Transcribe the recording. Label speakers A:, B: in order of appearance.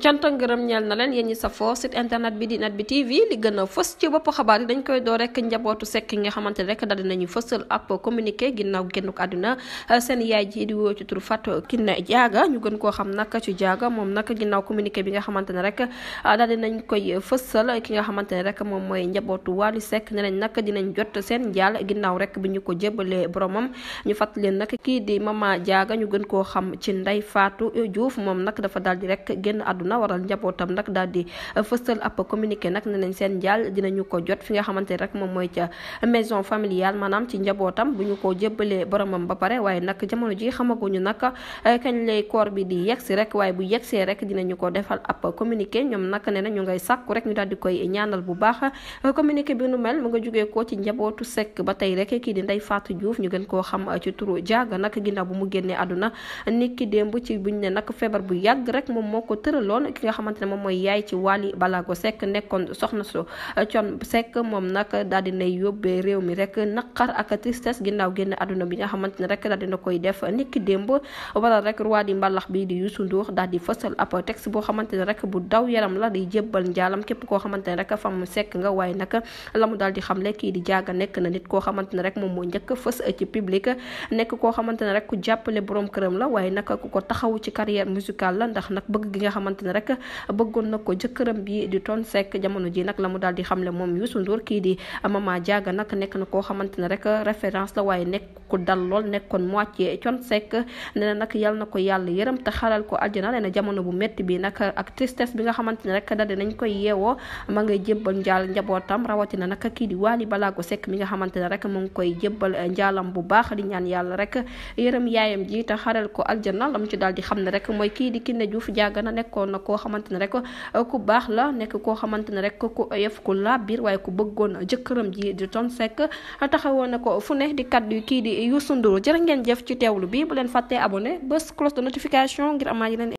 A: canta ngërëm ñeel na leen yéen ñi safoo site internet bi di net bi tv li gën a fës ci bopp xabaar yi dañ koy doo rek njabootu sekk nga xamante ne rek dal dinañu fësal ab communiqué ginnaaw génnuk àdduna seen yaay ji di woo ci tur Fatou Kiné Diaga ñu gën koo xam nag ci Diaga moom nag ginnaaw communiqué bi nga xamante ne rek ah, dal dinañ koy fësal ki nga xamante ne rek moom mooy njabootu Wally sekk ne nañ nag dinañ jot seen jaal ginnaaw rek bu ñu ko jébalee boromam ñu fàttali leen nag kii di Mama Diaga ñu gën koo xam ci ndey faatu Diouf moom nag dafa daal di rek génn àdduna àdduna waral njabootam nag daal di uh, fësal ab communiqué nag ne nañ seen njaal dinañu ko jot fi nga xamante rek moom mooy ca maison familiale maanaam ci njabootam bu ñu ko uh, di ko defal ab communiqué ñoom nag ne na di koy ñaanal bu baax uh, communiqué bi nu mel mu nga jugee ko ci njabootu sekk ba tey rek kii di Ndeye Fatou Diouf ñu gën koo xam ci turu jaaga nag ginnaaw bu mu génnee àdduna nit ki démb ci buñ ne nag feebar bu yàgg rek moom moo ko tëraloo lool ki nga xamante ne moom mooy yaay ci Wally Balago Seck nekkoon soxna su eh, moom nag daal di nay yóbbee réew mi rek naqar ak tristesse ginnaaw génn àdduna bi nga xamante ne rek daal dina koy def niki démb waral rek roi di mbalax bi di Youssou Ndour daal di fësal ab texte boo xamante ne rek bu daw yaram la di jébbal njaalam képp koo xamante ne rek fam sekk nga waaye nag la mu daal di xamle kii di jaaga nekk na nit koo xamante ne rek moom moo njëkk fës ci public nekk koo xamante ne rek ku jàppale boroom këram la waaye nag ku ko taxawu ci carrière musicale la ndax nag bëgg gi nga xamante xamante rek bëggoon na ko jëkkëram bi di ton Seck jamono ji nag la mu daal di xam xamle moom Youssou Ndour kii di Mama Diaga nag nekk na koo xamante ne rek référence la waaye nekk ku dal lool nekkoon moitié con sec nee na nag yal na ko yàlla yërëm te xaral ko aljana nee na jamono bu métti bi nag ak tristesse bi nga xamante ne rek da dinañ koy yeewoo ma ngay jébbal njaal njabootam rawatina nag kii di Wally Ballago Seck mi nga xamante ne rek mu ngi koy jébbal eh, njaalam bu baax di ñaan yàlla rek yërëm yaayam ji te xaral ko aljana la mu ci daal di xam ne rek mooy kii di Kiné Diouf Diagana nekkoon na koo xamante ne rek eh, ku baax la nekk koo xamante ne rek ku oyof ku laa biir waaye ku bëggoon jëkkëram ji di ton sec taxawoon na ko fu di kaddu kii Youssou Ndour jërë ngeen jëf ci teewlu bi bu leen fàttee abonné bés cloche de notification ngir amaat yeneen